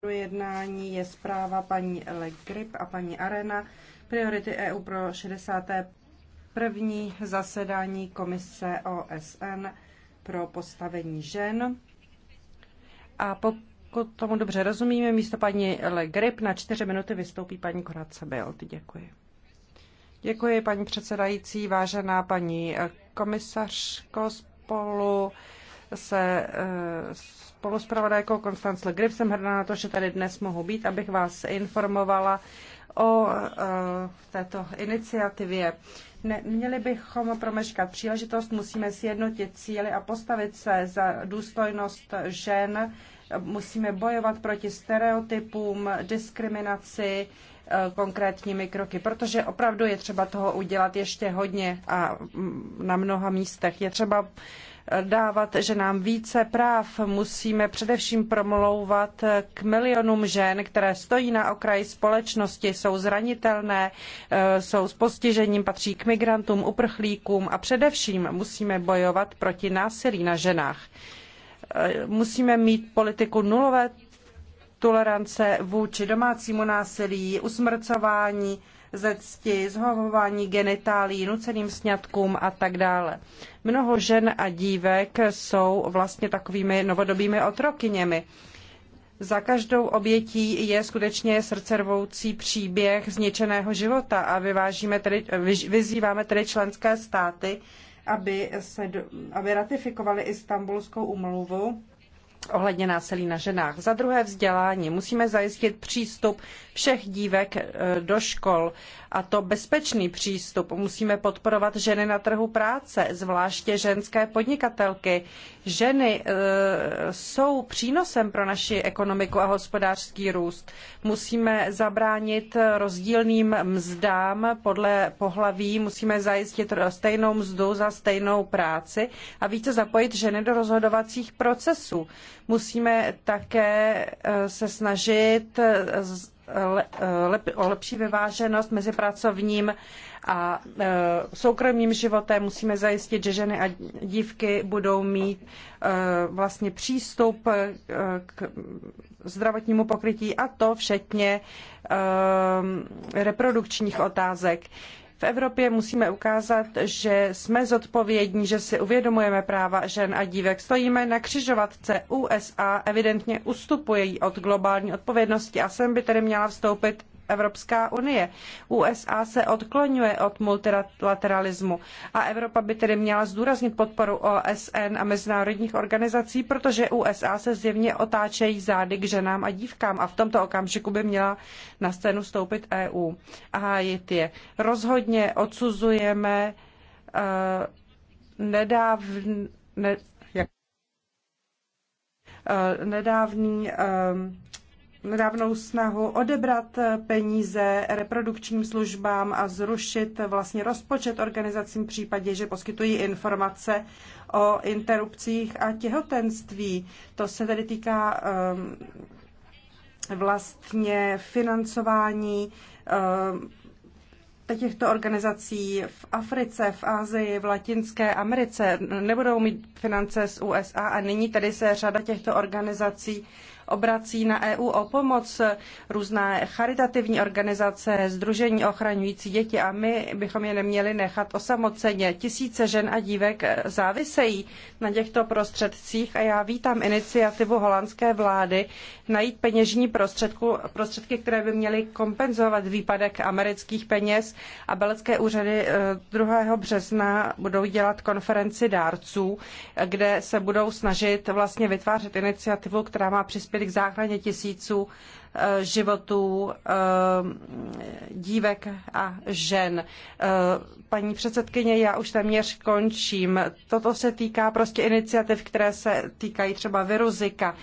Pro jednání je zpráva paní Le Grip a paní Arena. Priority EU pro 61. zasedání komise OSN pro postavení žen. A pokud tomu dobře rozumíme, místo paní Le Grip na čtyři minuty vystoupí paní Koradce Bild. Děkuji. Děkuji, paní předsedající, vážená paní komisařko, spolu se eh, spoluspravodajkou Konstancle Grip. Jsem hrdá na to, že tady dnes mohu být, abych vás informovala o eh, této iniciativě. Ne, měli bychom promeškat příležitost, musíme sjednotit cíly a postavit se za důstojnost žen, musíme bojovat proti stereotypům, diskriminaci, Eh, konkrétními kroky, protože opravdu je třeba toho udělat ještě hodně a mm, na mnoha místech. Je třeba eh, dávat, že nám více práv musíme především promlouvat eh, k milionům žen, které stojí na okraji společnosti, jsou zranitelné, jsou s postižením, patří k migrantům, uprchlíkům a především musíme bojovat proti násilí na ženách musíme mít politiku nulové tolerance vůči domácímu násilí, usmrcování, ze cti, zhovování genitálií, nuceným sňatkům a tak dále. Mnoho žen a dívek jsou vlastně takovými novodobými otrokyněmi. Za každou obětí je skutečně srdcervoucí příběh zničeného života a vyvážíme tedy, vyzýváme tedy členské státy, aby, se, aby ratifikovali Istanbulskou umluvu ohledně násilí na ženách. Za druhé vzdělání. Musíme zajistit přístup všech dívek e, do škol a to bezpečný přístup. Musíme podporovat ženy na trhu práce, zvláště ženské podnikatelky. Ženy e, jsou přínosem pro naši ekonomiku a hospodářský růst. Musíme zabránit rozdílným mzdám podle pohlaví, musíme zajistit stejnou mzdu za stejnou práci a více zapojit ženy do rozhodovacích procesů. Musíme také eh, se snažit eh, eh, o lepší vyváženost mezi pracovním a soukromým životem. Musíme zajistit, že ženy a dívky budou mít vlastně přístup k zdravotnímu pokrytí a to včetně reprodukčních otázek. V Evropě musíme ukázat, že jsme zodpovědní, že si uvědomujeme práva žen a dívek. Stojíme na křižovatce. USA evidentně ustupují od globální odpovědnosti a sem by tedy měla vstoupit Evropská unie. USA se odklonuje od multilateralismu a Evropa by tedy měla zdůraznit podporu OSN a mezinárodních organizací, protože USA se zjevně otáčejí zády k ženám a dívkám a v tomto okamžiku by měla na scénu stoupit EU a hájit je. Rozhodně odsuzujeme uh, ne, jak, uh, nedávný eh, nedávnou snahu odebrat peníze reprodukčním službám a zrušit vlastně rozpočet organizacím v případě, že poskytují informace o interrupcích a těhotenství. To se tedy týká ehm, vlastně financování ehm, těchto organizací v Africe, v Asii, v Latinské Americe nebudou mít finance z USA a nyní tedy se řada těchto organizací obrací na EU o pomoc různé charitativní organizace, združení ochraňující děti a my bychom je neměli nechat osamoceně. Tisíce žen a dívek závisejí na těchto prostředcích a já vítám iniciativu holandské vlády najít peněžní prostředku, prostředky, které by měly kompenzovat výpadek amerických peněz a belecké úřady 2. Eh, března budou dělat konferenci dárců, kde se budou snažit vlastně vytvářet iniciativu, která má přispět přispěli k záchraně tisíců eh, životů eh, dívek a žen. Eh, paní předsedkyně, já už téměř končím. Toto se týká prostě iniciativ, které se týkají třeba viruzika,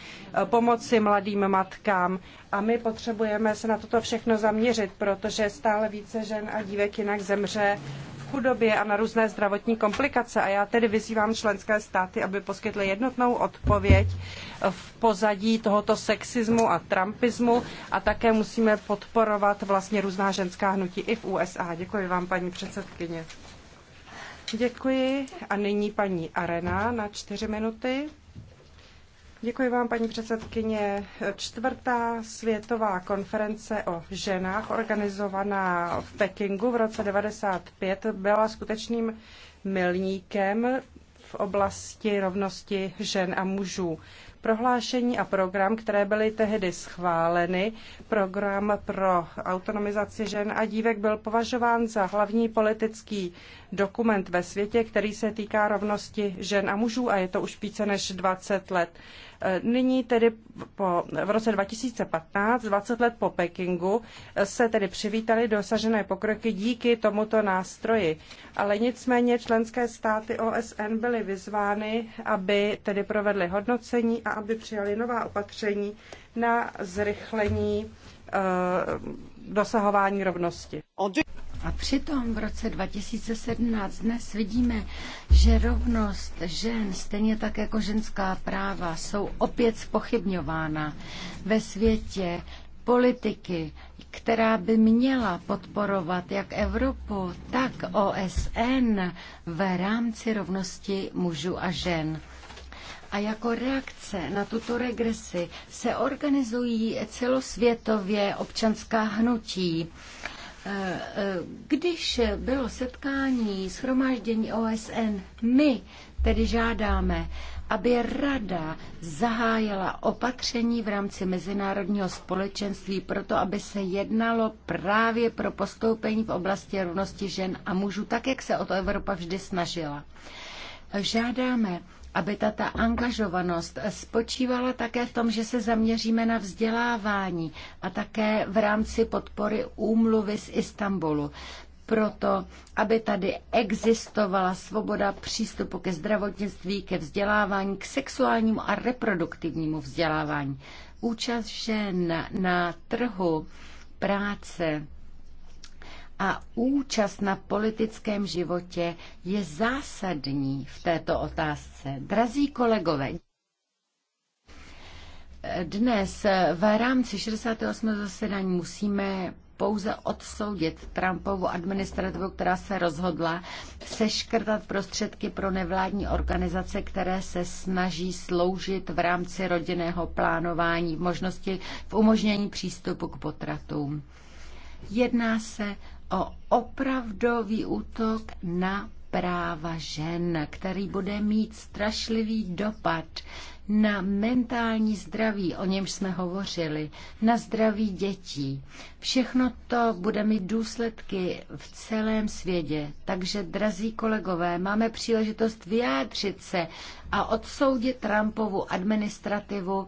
pomoci mladým matkám. A my potřebujeme se na toto všechno zaměřit, protože stále více žen a dívek jinak zemře chudobě a na různé zdravotní komplikace. A já tedy vyzývám členské státy, aby poskytly jednotnou odpověď v pozadí tohoto sexismu a trumpismu a také musíme podporovat vlastně různá ženská hnutí i v USA. Děkuji vám, paní předsedkyně. Děkuji a nyní paní Arena na čtyři minuty. Děkuji vám, paní předsedkyně. Čtvrtá světová konference o ženách, organizovaná v Pekingu v roce 1995, byla skutečným milníkem v oblasti rovnosti žen a mužů. Prohlášení a program, které byly tehdy schváleny, program pro autonomizaci žen a dívek byl považován za hlavní politický dokument ve světě, který se týká rovnosti žen a mužů a je to už více než 20 let. E, nyní tedy po, v roce 2015, 20 let po Pekingu, se tedy přivítali dosažené pokroky díky tomuto nástroji. Ale nicméně členské státy OSN byly vyzvány, aby tedy provedly hodnocení a aby přijali nová opatření na zrychlení eh, dosahování rovnosti. A přitom v roce 2017 dnes vidíme, že rovnost žen, stejně tak jako ženská práva, jsou opět spochybňována ve světě politiky, která by měla podporovat jak Evropu, tak OSN v rámci rovnosti mužů a žen. A jako reakce na tuto regresi se organizují celosvětově občanská hnutí. E, e, když bylo setkání schromáždění OSN, my tedy žádáme, aby Rada zahájila opatření v rámci mezinárodního společenství proto, aby se jednalo právě pro postoupení v oblasti rovnosti žen a mužů, tak jak se o to Evropa vždy snažila. Žádáme, aby tato angažovanost spočívala také v tom, že se zaměříme na vzdělávání a také v rámci podpory úmluvy z Istanbulu proto, aby tady existovala svoboda přístupu ke zdravotnictví, ke vzdělávání, k sexuálnímu a reproduktivnímu vzdělávání. Účast žen na trhu práce a účast na politickém životě je zásadní v této otázce. Drazí kolegové, dnes v rámci 68. zasedání musíme pouze odsoudit Trumpovu administrativu, která se rozhodla seškrtat prostředky pro nevládní organizace, které se snaží sloužit v rámci rodinného plánování, v možnosti v umožnění přístupu k potratům. Jedná se o opravdový útok na práva žen, který bude mít strašlivý dopad na mentální zdraví, o němž jsme hovořili, na zdraví dětí. Všechno to bude mít důsledky v celém světě. Takže, drazí kolegové, máme příležitost vyjádřit se a odsoudit Trumpovu administrativu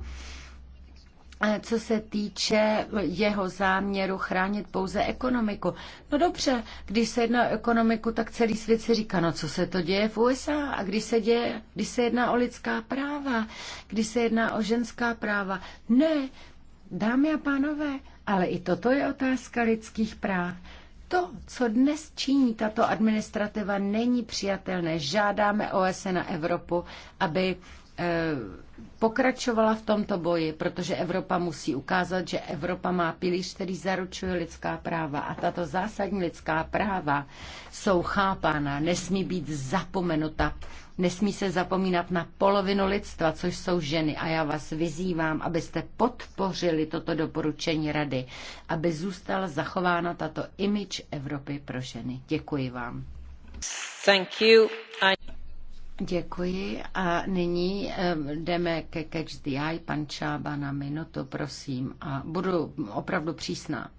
Eh, co se týče jeho záměru chránit pouze ekonomiku. No dobře, když se jedná o ekonomiku, tak celý svět si říká, no co se to děje v USA a když se, děje, když se jedná o lidská práva, když se jedná o ženská práva. Ne, dámy a pánové, ale i toto je otázka lidských práv. To, co dnes činí tato administrativa, není přijatelné. Žádáme OSN na Evropu, aby Eh, pokračovala v tomto boji, protože Evropa musí ukázat, že Evropa má pilíř, který zaručuje lidská práva. A tato zásadní lidská práva jsou chápána, nesmí být zapomenuta, nesmí se zapomínat na polovinu lidstva, což jsou ženy. A já vás vyzývám, abyste podpořili toto doporučení rady, aby zůstala zachována tato image Evropy pro ženy. Děkuji vám. Thank you. I... Děkuji a nyní jdeme ke Catch the Eye, pan Čába na minutu, prosím. A budu opravdu přísná.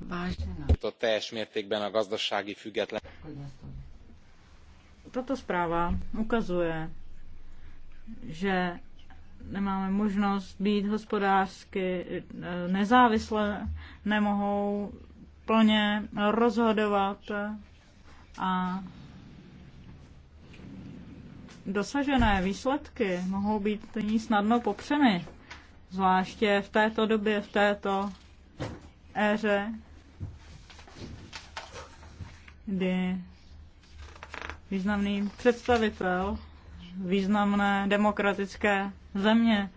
Vážená. To též mértékben a gazdasági független. Tato zpráva ukazuje, že nemáme možnost být hospodářsky eh, nezávislé, nemohou plně rozhodovat a dosažené výsledky mohou být nyní snadno popřeny, zvláště v této době, v této éře, kdy významný představitel významné demokratické země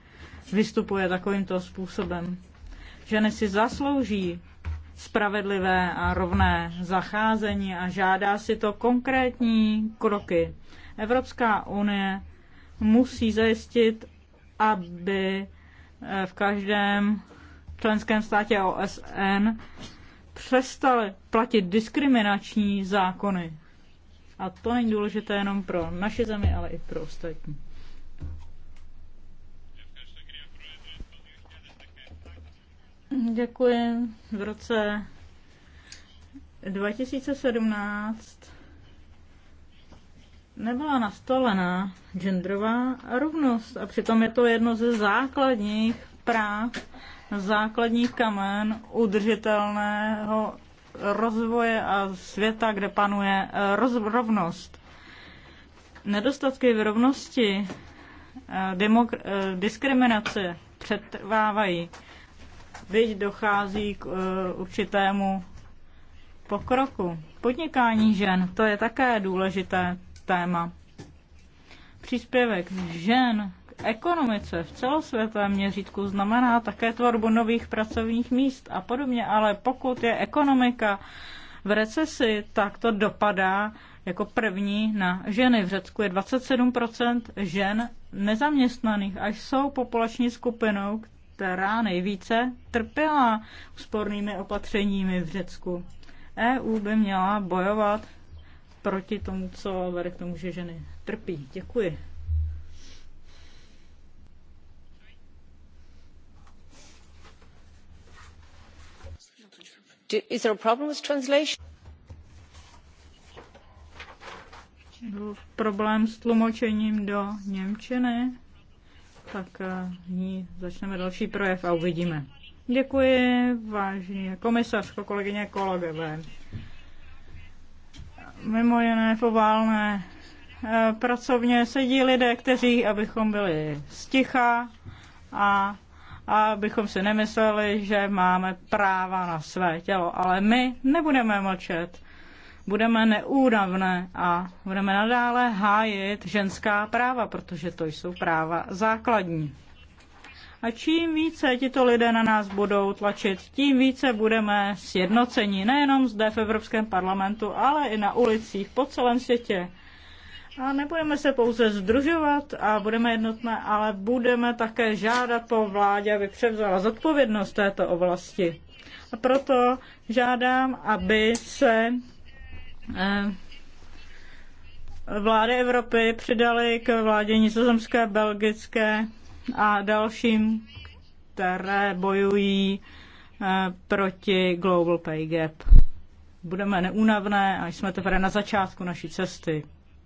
vystupuje takovýmto způsobem. Ženy si zaslouží spravedlivé a rovné zacházení a žádá si to konkrétní kroky. Evropská unie musí zajistit, aby eh, v každém členském státě OSN přestaly platit diskriminační zákony. A to není důležité jenom pro naše zemi, ale i pro ostatní. Děkuji. V roce 2017 nebyla nastolena genderová rovnost a přitom je to jedno ze základních práv, základních kamen udržitelného rozvoje a světa, kde panuje eh, rovnost. Nedostatky v rovnosti, eh, eh, diskriminace přetrvávají, byť dochází k určitému pokroku. Podnikání žen, to je také důležité téma. Příspěvek žen ekonomice v celosvětovém měřítku znamená také tvorbu nových pracovních míst a podobně, ale pokud je ekonomika v recesi, tak to dopadá jako první na ženy. V Řecku je 27% žen nezaměstnaných až jsou populační skupinou, která nejvíce trpěla úspornými opatřeními v Řecku. EU by měla bojovat proti tomu, co vede k tomu, že ženy trpí. Děkuji. is there a problem with translation? Byl problém s tlumočením do Němčiny, tak eh, ní začneme další projev a uvidíme. Děkuji, vážně komisařko, kolegyně, kolegové. Mimo jiné v oválné eh, pracovně sedí lidé, kteří, abychom byli sticha a a abychom si nemysleli, že máme práva na své tělo. Ale my nebudeme mlčet, budeme neúravné a budeme nadále hájit ženská práva, protože to jsou práva základní. A čím více tito lidé na nás budou tlačit, tím více budeme sjednoceni nejenom zde v Evropském parlamentu, ale i na ulicích po celém světě. A nebudeme se pouze združovat a budeme jednotné, ale budeme také žádat po vládě, aby převzala zodpovědnost této oblasti. A proto žádám, aby se eh, vlády Evropy přidaly k vládě nizozemské, belgické a dalším, které bojují eh, proti Global Pay Gap. Budeme neúnavné a jsme teprve na začátku naší cesty.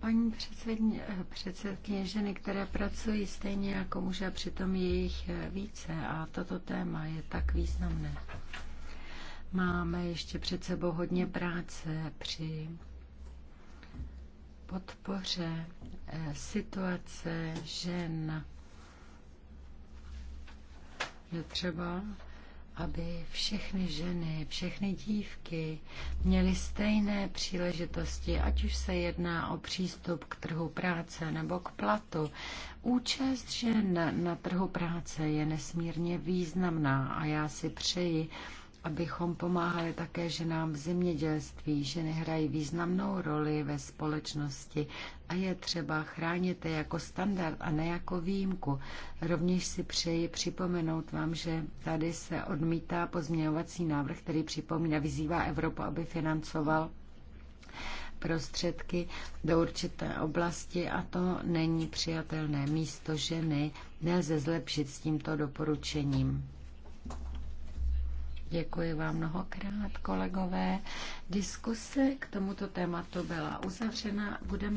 paní předsedkyně, ženy, které pracují stejně jako muže, přitom je jich eh, více a toto téma je tak významné. Máme ještě před sebou hodně práce při podpoře eh, situace žen. Je třeba aby všechny ženy, všechny dívky měly stejné příležitosti, ať už se jedná o přístup k trhu práce nebo k platu. Účast žen na trhu práce je nesmírně významná a já si přeji, abychom pomáhali také ženám v zemědělství. Ženy hrají významnou roli ve společnosti, a je třeba chránit je jako standard a ne jako výjimku. Rovněž si přeji připomenout vám, že tady se odmítá pozměňovací návrh, který připomíná, vyzývá Evropu, aby financoval prostředky do určité oblasti a to není přijatelné. Místo ženy nelze zlepšit s tímto doporučením. Děkuji vám mnohokrát, kolegové. Diskuse k tomuto tématu byla uzavřena. Budeme